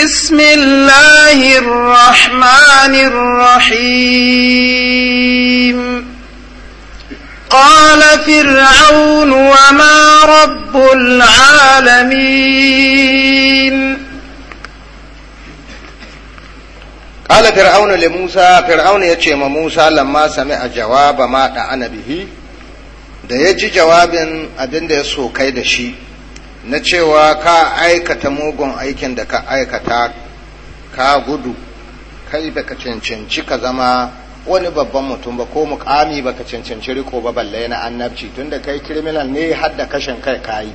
بسم الله الرحمن الرحيم قال فرعون وما رب العالمين قال فرعون لموسى فرعون يتشم موسى لما سمع جواب ما دعا به ده ya جواب أبن ده da ya so na cewa ka aikata mugun aikin da ka aikata ka gudu kai ka cancanci ka zama wani babban mutum ba ko mukami ka cancanci riko ba balle na annabci tunda kai criminal ne har da kashin kai kayi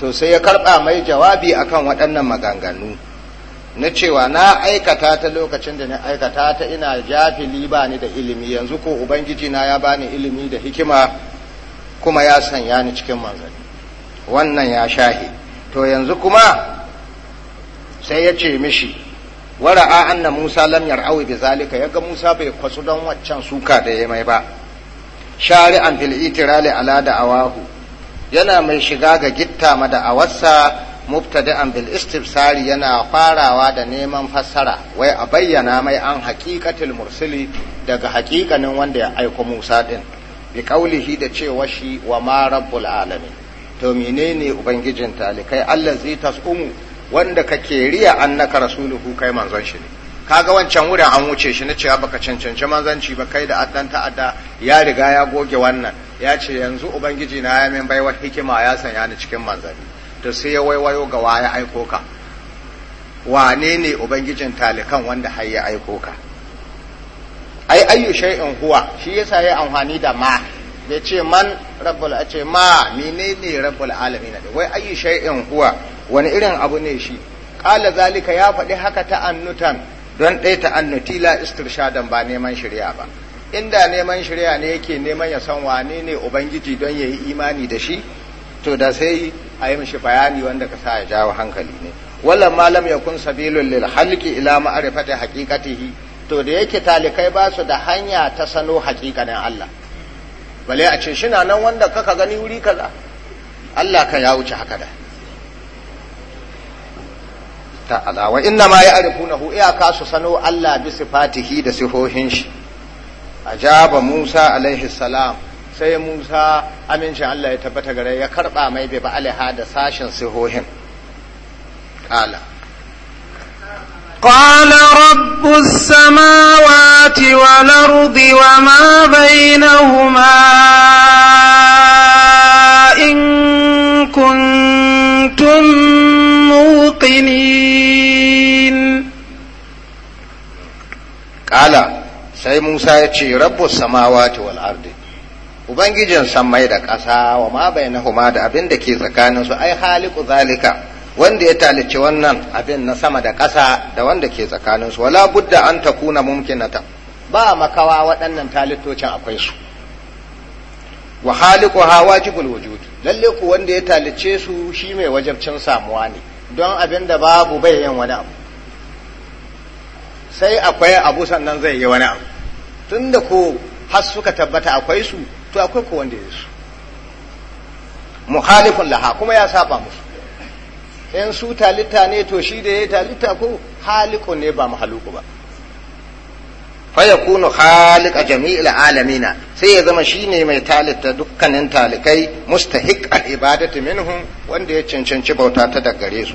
to sai ya karba mai jawabi akan waɗannan maganganu na cewa na aikata ta lokacin da na aikata ta ina jafili ba ni da ilimi yanzu ko ubangiji na ya bani ilimi da hikima kuma ya sanya ni cikin manzanni wannan ya shahi to yanzu kuma sai ya ce mishi wara'a anna Musa lam yar'awi bi zalika yaga Musa bai kwasu don waccan suka da ya mai ba shari'an fil itirali ala awahu yana mai shiga ga gitta ma da awassa. mubtada'an bil istifsari yana farawa da neman fassara wai a bayyana mai an haqiqatul mursili daga haqiqanin wanda ya aiko Musa din bi qaulihi da cewa shi wa ma rabbul alamin to menene ubangijin talikai Allah zai tasumu wanda kake riya annaka rasuluhu kai manzon shi ne kaga wancan wurin an wuce shi na cewa baka cancanci manzanci ba kai da addan ta'adda ya riga ya goge wannan ya ce yanzu ubangiji na ya min baiwar hikima ya sanya ni cikin manzanni to sai ya waiwayo ga waya aiko ka wane ne ubangijin talikan wanda har ya aiko ka ai ayyu shay'in huwa shi yasa ya amfani da ma bai ce man rabbal a ce ma ne menene na alamin wai ayi shay'in huwa wani irin abu ne shi qala zalika ya faɗi haka ta annutan don ɗaya annuti la istirshadan ba neman shirya ba inda neman shirya ne yake neman ya san wane ne ubangiji don yayi imani da shi to da sai a yi mishi bayani wanda ka sa ya jawo hankali ne wala malam ya kun sabilun lil halki ila ma'rifati haqiqatihi to da yake talikai ba su da hanya ta sano haƙiƙanin Allah bale a ce shina nan wanda kaka gani wuri kaza Allah kan ya wuce haka da ta'ala wa inna ma ya'rifunahu iyaka su sano Allah bi sifatihi da sifohin shi ajaba Musa alaihi salam sai Musa amincin Allah ya tabbata gare ya karba mai bi ba alaiha da sashin sihohin kala قال رب السماوات والأرض وما بينهما إن كنتم موقنين قال sai Musa ya ce rabbu samawati ubangijin sammai da ƙasa wa ma bainahuma da abin da ke tsakaninsu ai haliku zalika wanda ya talice wannan abin na sama da ƙasa da wanda ke tsakaninsu wala budda an takuna mumkinatan ba makawa waɗannan talitocin akwai su wa ha wajibul wujud lalle ku wanda ya talice su shi mai wajabcin samuwa ne don abin da babu bai yin wani abu sai akwai abu sannan zai yi wani abu tun da ko har suka tabbata akwai su to akwai ku wanda ya su muhalifun laha kuma ya saba musu in su talitta ne to shi da ya talitta ko haliku ne ba mahaluku ba fa halika halika jami'il alamina sai ya zama shi ne mai talitta dukkanin talikai mustahiq al ibadati minhum wanda ya cancanci bauta ta daggare su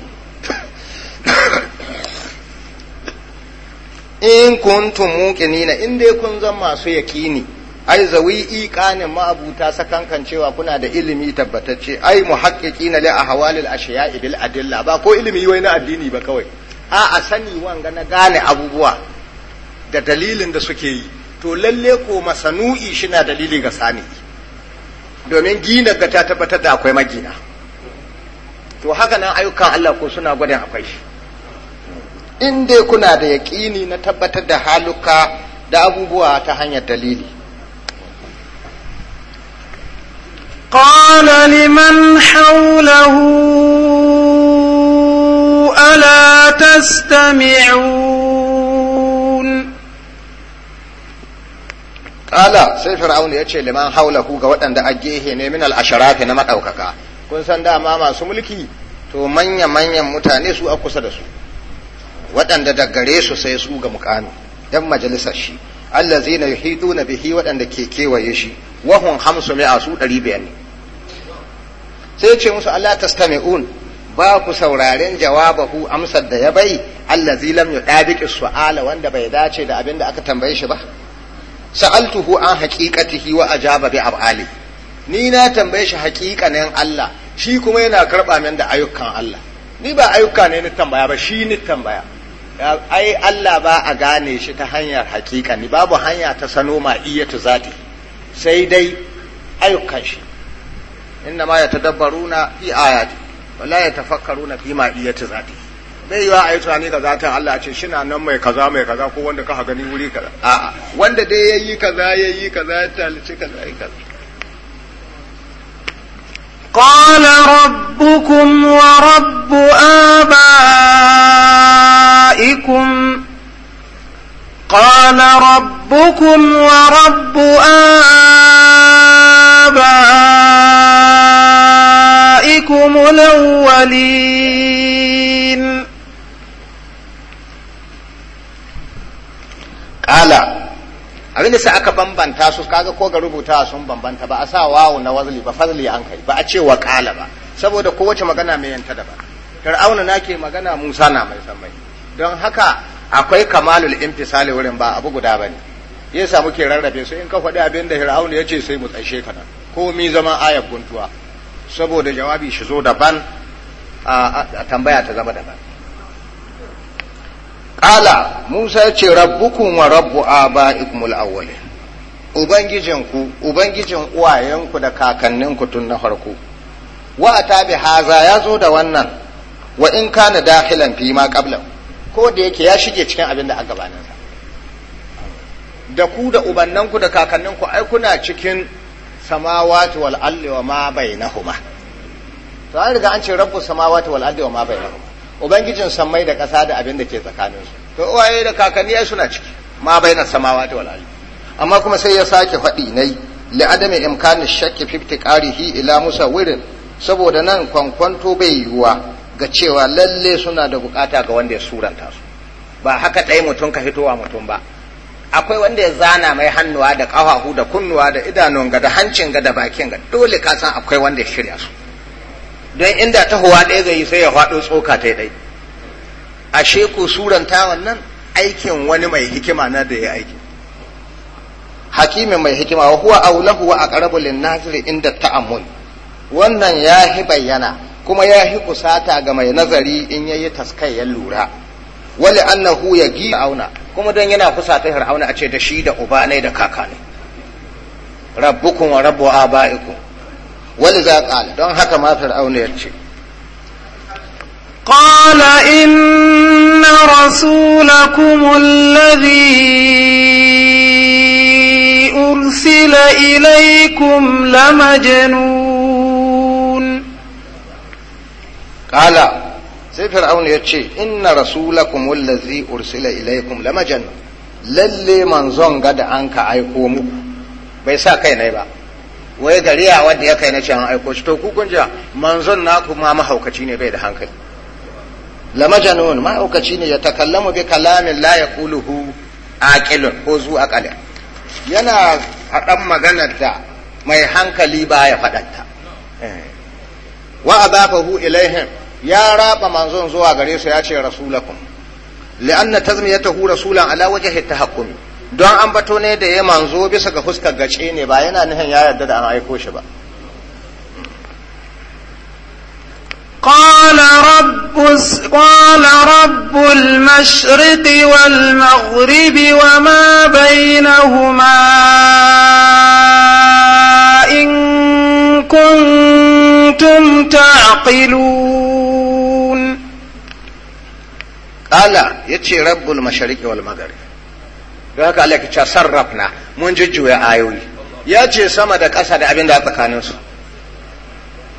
in kuntum muqinina in dai kun zama masu yaqini ai zawi iqanin ma'abuta sakankan cewa kuna da ilimi tabbatacce ai muhaqqiqina li ahwalil ashiya'i bil adilla ba ko ilimi wai na addini ba kawai a a sani wanga na gane abubuwa da dalilin da suke yi to lalle ko masanu'i shina dalili ga sani domin gina ga ta tabbatar da akwai magina to haka nan ayyukan Allah ko suna gwadin akwai shi in dai kuna da yaƙini na tabbatar da haluka da abubuwa ta hanyar dalili قال لمن حوله ألا تستمعون قال sai fir'aun ya ce liman haulahu ga waɗanda a gehe ne min al'asharafi na maɗaukaka kun san dama masu mulki to manya-manyan mutane su a kusa da su waɗanda da gare su sai su ga mukami yan majalisar shi allazina yuhiduna bihi waɗanda ke kewaye shi wahun hamsu mai su ɗari biyar ne sai ce musu Allah tastami'un ba ku sauraren jawabahu amsar da ya bai allazi ya yudabiqi su'ala wanda bai dace da abin da aka tambaye shi ba sa'altuhu an haqiqatihi wa ajaba bi af'ali ni na tambaye shi haqiqanin Allah shi kuma yana karɓa min da ayyukan Allah ni ba ayyuka ne ni tambaya ba shi ni tambaya ai Allah ba a gane shi ta hanyar hakika ni babu hanya ta sano ma iyatu zati sai dai ayyukan shi innama yatadabbaruna fi ayati wala yatafakkaruna fi ma iyati zati bai yiwa a yi tunani ga zatin Allah a ce shina nan mai kaza mai kaza ko wanda ka gani wuri kaza a'a wanda dai yayi kaza yayi kaza ya talice kaza yayi kaza قال ربكم ورب آبائكم قال ربكم ورب آبائكم آبائكم الأولين قال abin da sai aka bambanta su kaga ko ga rubuta sun bambanta ba a sa wawu na wazli ba fazli an kai ba a ce wa kala ba saboda kowace magana mai yanta da ba fir'auna nake magana musa na mai sammai don haka akwai kamalul infisali wurin ba abu guda ba ne yasa muke rarrabe su in ka faɗi abin da fir'auna ya ce sai mu tsaishe ka nan komi zama ayar guntuwa saboda jawabi shi zo daban a tambaya ta zama daban ƙala musa ya ce rabbukun wa rabbu ikmul awwalin ubangijinku ubangijin uwayenku da kakanninku tun na farko wa a tabi haza ya zo da wannan wa in kana dakhilan fi ma qabla ko da yake ya shige cikin abin da a da ku da ubannanku da kakanninku ai kuna cikin samawati wal ardi wa ma bainahuma to an riga an ce rabbu samawati wal ardi wa ma bainahuma ubangijin sammai da kasa da abin da ke tsakanin su to uwaye da kakanni ai suna ciki ma bainar samawati wal ardi amma kuma sai ya sake faɗi nai li adami imkani shakki fi tiqarihi ila musa wurin, saboda nan kwankwanto bai yiwuwa ga cewa lalle suna da bukata ga wanda ya suranta su ba haka ɗaya mutum ka hitowa mutum ba akwai wanda ya zana mai hannuwa da ƙafafu da kunnuwa da idanun ga da hancin ga da bakin ga dole ka san akwai wanda ya shirya su don inda ta huwa ɗaya zai yi sai ya faɗo tsoka ta ɗai sheku suran suranta wannan aikin wani mai hikima na da ya aiki hakimin mai hikima wa huwa aulahu wa aqrabu lin naziri inda ta'ammul wannan ya hi bayyana kuma ya hi kusata ga mai nazari in yayi taskayyar lura wali annahu ya gi auna kuma don yana kusa ta fir'auna a ce da shi da uba ne da kaka ne rabbukum wa rabbu abaikum wali za qala don haka ma fir'auna ya ce qala. inna rasulakum alladhi أرسل إليكم لمجنون قال sai fir'auna ya ce inna rasulakum wallazi ursila ilaikum lamajannun lalle manzon ga da an ka aiko muku bai sa kai nai ba wai gari ya wanda ya kai na ce an aiko shi to ku kun manzon naku ma mahaukaci ne bai da hankali lamajannun mahaukaci ne ya takallamu bi kalamin la yaquluhu aqilun ko zu aqalin yana hadan maganar da mai hankali baya ya faɗanta eh. wa adafahu ilaihim ya raba manzon zuwa gare su ya ce rasulakum li'anna tazmiyatahu rasulan ala wajhi tahakkumi don an bato ne da ya manzo bisa ga fuskar gace ne ba yana nihin ya yarda da an aiko shi ba قال رب قال رب المشرق والمغرب وما بينهما إن كنت كنتم تعقلون قال يتشي رب المشارق والمغرب don haka Allah ya sarrafna mun jujjuya ayoyi ya ce sama da ƙasa da abin da a tsakaninsu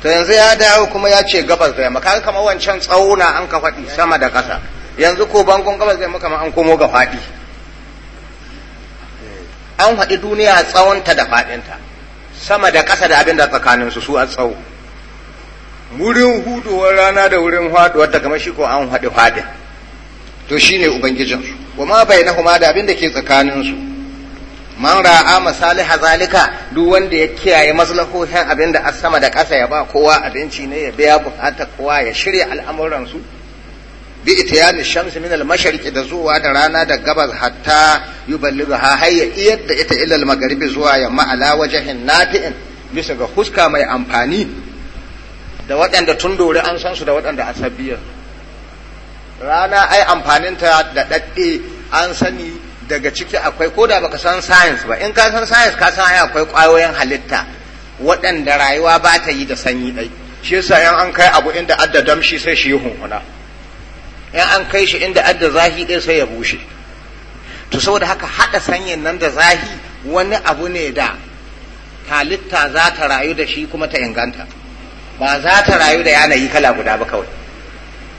Ta yanzu ya dawo kuma ya ce gabas da yamma kaga kamar wancan tsauna an ka faɗi sama da ƙasa yanzu ko bangon gabas da yamma kamar an komo ga faɗi an faɗi duniya tsawonta da faɗinta sama da ƙasa da abin da tsakaninsu su a tsawo wurin huduwar rana da wurin haduwa ta kamar shi ko an haɗi haɗin to shine ubangijinsu bai ma kuma da abin da ke tsakaninsu man ra'a masaliha zalika duk wanda ya kiyaye maslahohin abin da sama da ƙasa ya ba kowa abinci ne ya biya bukata kowa ya shirya al'amuran su bi itiyani shamsi min al mashariqi da zuwa da rana da gabas hatta yuballigha ha hayya iyar da ita ila al maghribi zuwa yamma ala wajhin nafi'in bisa ga huska mai amfani da waɗanda tun dori an san su da waɗanda a rana ai amfaninta da ɗaɗɗe an sani daga ciki akwai ko da baka san science ba in ka san science ka san ai akwai ƙwayoyin halitta waɗanda rayuwa ba ta yi da sanyi ɗai shi yasa in an kai abu inda adda damshi sai shi yi hunhuna in an kai shi inda adda zahi ɗai sai ya bushe to saboda haka haɗa sanyin nan da zahi wani abu ne da halitta za ta rayu da shi kuma ta inganta ba za ta rayu da yanayi kala guda ba kawai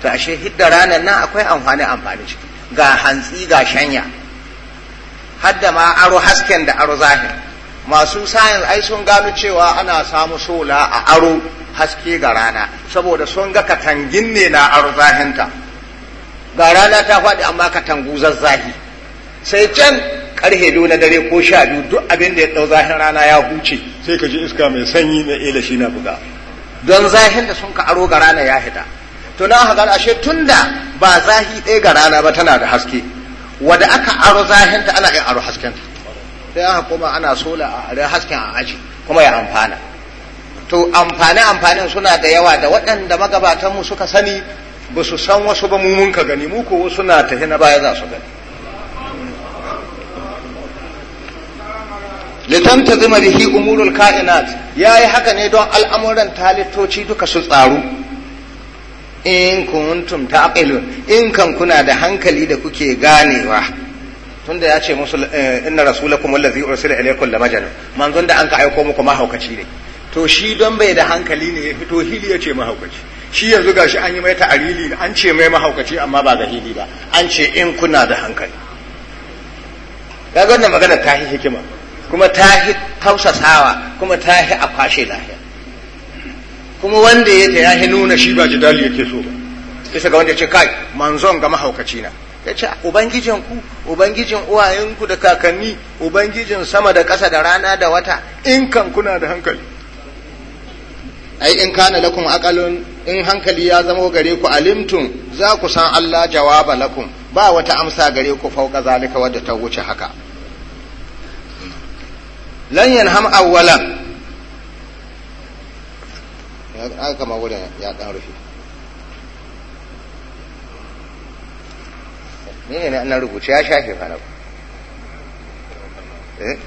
to ashe hidda ranar nan akwai amfani amfani ciki ga hantsi ga shanya hadda ma aro hasken da aro zahir masu sayan ai sun gano cewa ana samu sola a aro haske ga rana saboda sun ga katangin ne na aro zahinta ga rana ta faɗi amma katangu zazzahi sai can karhe biyu na dare ko sha biyu duk abin da ya ɗau zahin rana ya huce sai ka ji iska mai sanyi mai ila shi na buga don zahin da sun ka aro ga rana ya hita to na haka ashe da ba zahi ɗaya ga rana ba tana da haske wanda aka aro zahin ta ana yin aro hasken sai aka koma ana sola a are hasken a aji kuma ya amfana to amfani amfanin suna da yawa da waɗanda magabatanmu mu suka sani ba su san wasu ba mu mun ka gani mu ko wasu na tafi na baya za su gani litantazima bihi umurul kainat yayi haka ne don al'amuran talittoci duka su tsaru in kuntum taqilun in kan kuna da hankali da kuke ganewa tunda ya ce musu inna rasulakum allazi ursila ilaykum la majana. manzon da an ka aiko muku mahaukaci ne to shi don bai da hankali ne ya fito hili ya ce mahaukaci shi yanzu gashi an yi mai ta'arili an ce mai mahaukaci amma ba ga hili ba an ce in kuna da hankali kaga wannan magana ta hikima kuma ta hi tausasawa kuma ta hi a kwashe lahiya kuma wanda ya ya hi nuna shi ba jidali yake so ba kisa ga wanda ce kai manzon ga mahaukaci na ya ce ubangijin ku ubangijin uwayenku da kakanni ubangijin sama da ƙasa da rana da wata in kan kuna da hankali ai in kana lakum aqalun in hankali ya zama gare ku alimtum za ku san Allah jawaba lakum ba wata amsa gare ku fauka zalika wadda ta wuce haka lan yanham awwalan aka kama wurin ya dan rufe ne ne ana rubuce ya shafe fa eh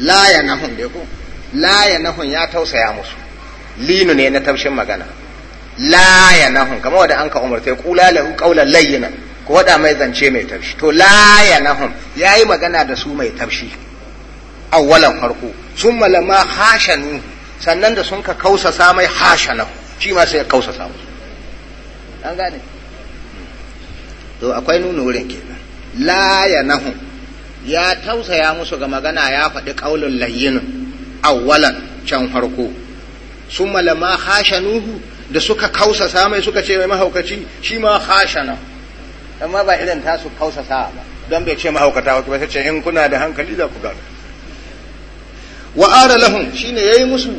la ya nahun da ko la ya nahun ya tausaya musu linu ne na taushin magana la ya nahun kamar wanda an ka umarta kula lahu qawlan layyinan waɗa mai zance mai tafshi to la ya nahum ya yi magana da su mai tafshi awwalan farko sun malama hashanu sannan da sun ka kausasa mai hashana shi ma sai ya kausasa musu an gane to akwai nuna wurin kenan la ya nahum ya tausaya musu ga magana ya faɗi ƙaunin layyinin awwalan can farko sun malama hashanuhu da suka kausa samai suka ce mai mahaukaci shi ma hashana amma ba irin tasu kausasa ba don bai ce mahaukata wata ba ce in kuna da hankali za ku gano wa ara lahum shine yayi musu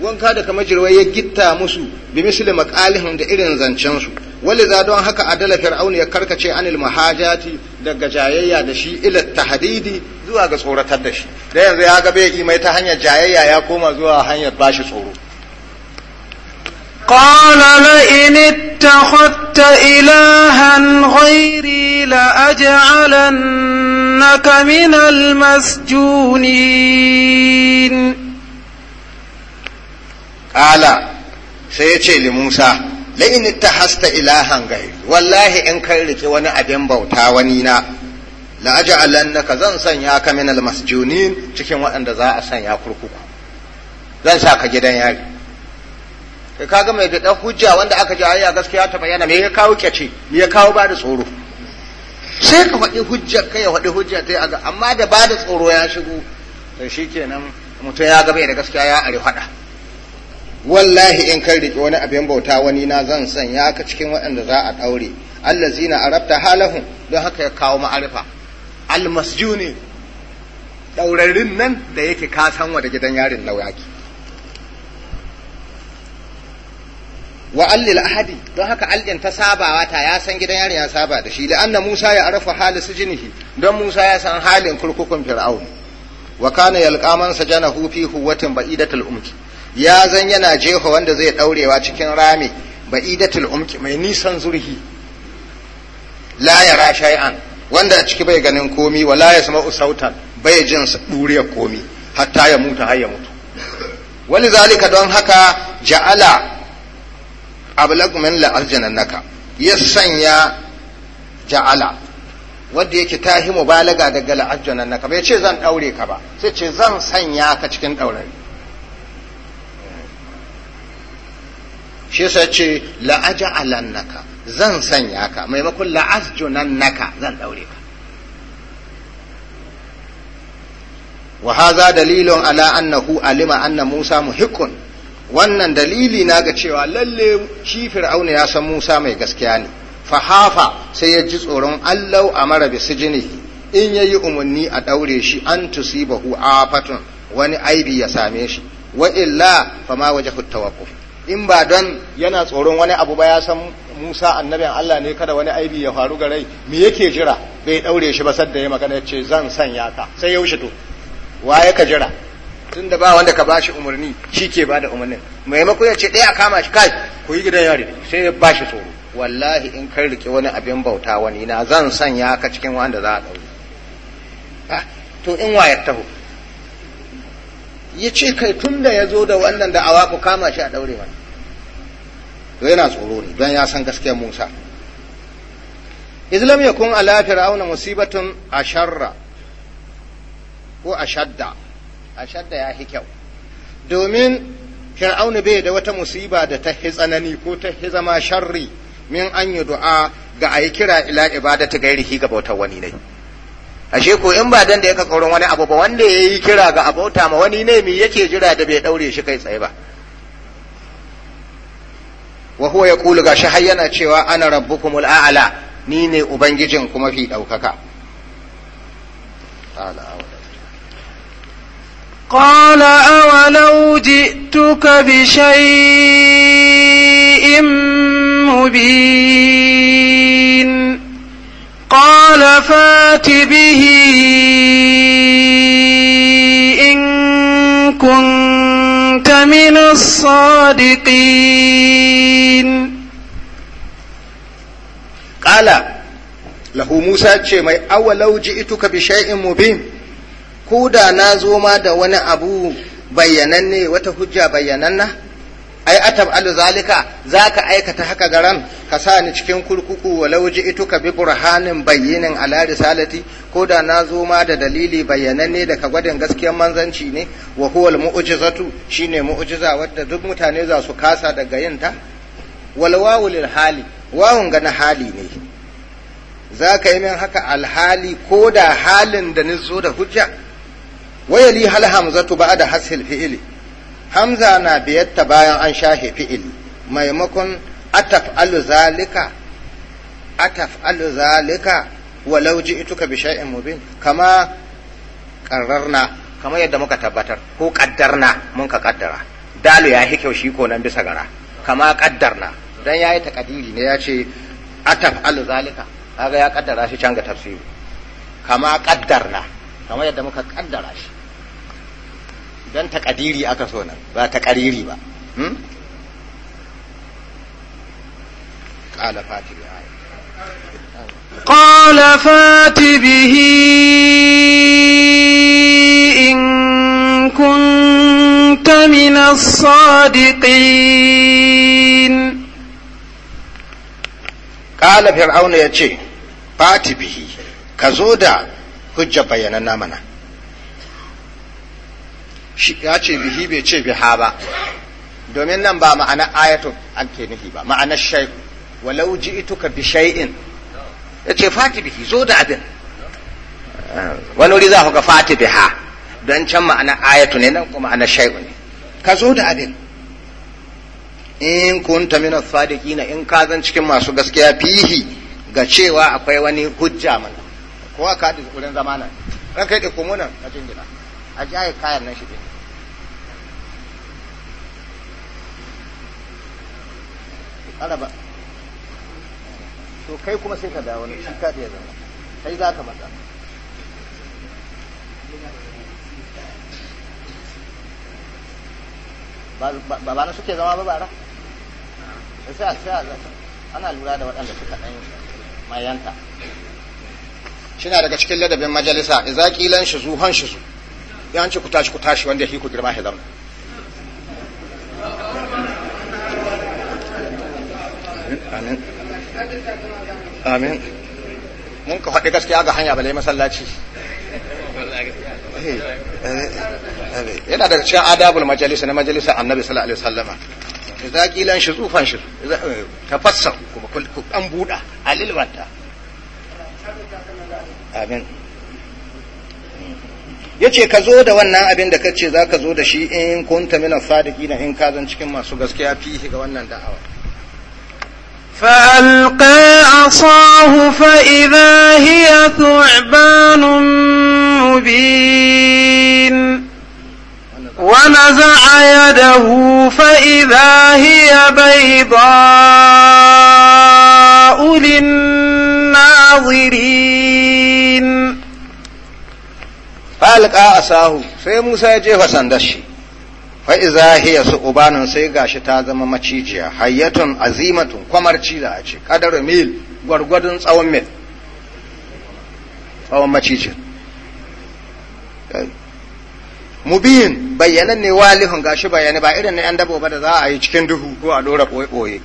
wanka da kamar jirwai ya gitta musu bi misli maqalihim da irin zancen su za don haka adala fir'aun ya karkace anil mahajati daga jayayya da shi ila tahdidi zuwa ga tsoratar da shi da yanzu ya ga bai mai ta hanyar jayayya ya koma zuwa hanyar bashi tsoro قال لئن اتخذت إلها غيري لأجعلنك من المسجونين قال سيتي لموسى لئن اتخذت إلها غيري والله إن كيرك وانا أبين بوتا ونينا لأجعلنك زن سنياك من المسجونين تكين وأن ذا أسنيا كركوك زن ساك جدا ياري kai kaga mai da hujja wanda aka ji ayya gaskiya ta bayyana me ya kawo kyace me ya kawo bada tsoro sai ka faɗi hujjar kai ya faɗi hujja ta aga amma da ba da tsoro ya shigo to shikenan mutum ya ga bai da gaskiya ya ari faɗa wallahi in kai riƙe wani abin bauta wani na zan san ya ka cikin waɗanda za a ɗaure allazina arabta halahum don haka ya kawo ma'arifa almasjuni ɗaurarin nan da yake ka san da gidan yarin lauyaki wa allil ahadi don haka allin ta sabawa ta ya san gidan yarin ya saba da shi la'anna Musa ya arafa hali sujinihi don Musa ya san halin kurkukun Fir'aun wa kana yalqa man sajanahu fi huwatin ba'idatul umki ya zan yana jefa wanda zai daurewa cikin rami ba'idatul umki mai nisan zurhi la yara shay'an wanda a ciki bai ganin komi wa la yasma'u sautan bai jin duriyar komi hatta ya mutu har ya mutu wani zalika don haka ja'ala ablaq min la naka ya sanya ja'ala wanda yake ta hi mubalaga daga la naka bai ce zan daure ka ba sai ce zan sanya ka cikin daurari shi yasa ce la naka zan sanya ka maimakon la naka zan daure ka wa hadha dalilun ala annahu alima anna musa wannan dalili na ga cewa lalle shi fir'auna ya san Musa mai gaskiya ne Fa fahafa sai ya ji tsoron allau a mara bi in yayi yi umarni a ɗaure shi an tusibahu afatun wani aibi ya same shi wa illa fa ma waje tawakkuf in ba don yana tsoron wani abu ba ya san Musa annabin Allah ne kada wani aibi ya faru ga rai me yake jira bai ɗaure shi ba sadda ya magana ya ce zan sanya ka sai yaushe to waye ka jira tunda ba wanda ka shi umarni shi ke ba da umarnin maimakon ya ce ɗaya a kama shi kai ku yi gidan yari sai ya bashi tsoro wallahi in kai rike wani abin bauta wani na zan sanya ka cikin wanda za a ɗauri ah, to in wayar taho ya ce kai tun ya zo da wannan da awa ku kama shi a ɗaure mana to yana tsoro ne don ya san gaskiyar musa izlam ya kun ala fir'auna musibatun asharra ko ashadda da ya kyau domin fir'aunu bai da wata musiba da ta hi tsanani ko ta hizama zama sharri min an yi du'a ga a yi kira ila ibadati gairihi ga bautar wani ne ashe ko in ba dan da yaka kauran wani abu ba wanda ya yi kira ga abauta ma wani ne mi yake jira da bai daure shi kai tsaye ba wa huwa yaqulu ga har yana cewa ana rabbukumul a'la ni ne ubangijin kuma fi daukaka ta'ala قال أولو جئتك بشيء مبين قال فات به إن كنت من الصادقين قال له موسى تشي أولو جئتك بشيء مبين ko da na zo ma da wani abu bayyananne wata hujja bayyananna ai atab alu zalika zaka aikata haka garan ka sa ni cikin kurkuku walau ka bi burhanin bayyinin ala risalati ko da na zo ma da dalili bayyananne daga gwadin gaskiyar manzanci ne wa huwa mu'jizatu shine mu'jiza wadda duk mutane za su kasa daga yin ta wal hali wawun ga hali ne zaka yi min haka alhali ko da halin da ni da hujja wayali هل hamzatu بعد hasil fi'ili hamza na biyarta bayan an shahe fi'ili maimakon ataf'alu zalika ataf'alu zalika walau ji'tuka bi shay'in mubin kama kama yadda muka tabbatar ko qaddarna mun ka qaddara dalu ya hi shi ko nan bisa gara kama qaddarna dan yayi takadiri ne ya ce al zalika kaga ya kaddara shi can ga tafsiri kama qaddarna kama yadda muka shi don takadiri aka so nan ba takariri ba hmm? ƙala fati bihi in kunta min sadiqin ƙala fir'auna ya ce fati bihi ka zo da hujja bayyana mana ya ce bihi bai ce biha ba domin nan ba ma'ana ayatun ke nufi ba ma'anar shai walau ituka bi ya ce fati bihi zo da abin wani wuri za ku ga fati biha don can ma'ana ayatu ne nan kuma ma'anar shaiku ne ka zo da abin in kunta min sadiqina in ka zan cikin masu gaskiya fihi ga cewa akwai wani hujja mana kowa ka da wurin zamanan ran kai da kumunan a jingina a jaye kayan nan shi ɗin araba to kai kuma sai ka dawo ne shi ka ya zama kai za ka matsa ba ba na suke zama ba bara sai a sai ana lura da waɗanda suka ɗan mayanta shi na daga cikin ladabin majalisa idza shi zuhon shi zuhon yan ce ku tashi ku tashi wanda yake ku girma ya zama amin amin mun ka faɗi gaskiya ga hanya balai masallaci yana daga cikin adabul majalisa na majalisa annabi sallallahu alaihi wasallama idza qilan shi tsufan shi tafassar kuma kun dan buda alilwata amin yace ka zo da wannan abin da kace za ka zo da shi in kunta min as-sadiqina in ka zan cikin masu gaskiya fihi ga wannan da'awa فألقى عصاه فإذا هي ثعبان مبين ونزع يده فإذا هي بيضاء للناظرين alƙa asahu sai Musa ya jefa sandar shi fa iza hiya ubanin sai gashi ta zama macijiya hayyatun azimatun kwamarci da a ce kadar mil gwargwadon tsawon mil tsawon macijin mubin bayyanan ne walihun gashi bayani ba irin na yan dabo ba da za a yi cikin duhu ko a dora ɓoye-ɓoye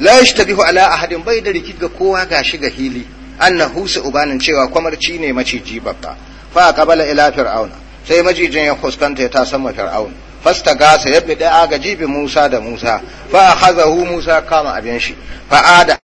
la yashtabihu ala ahadin bai da rikid ga kowa gashi ga hili annahu ubanin cewa kwamarci ne maciji babba fa kabala ila fir'auna sai majijin ya fuskanta ya ta sama fir'auna fasta gasa ya bi da ga jibi Musa da Musa fa akhazahu Musa kama abin shi fa ada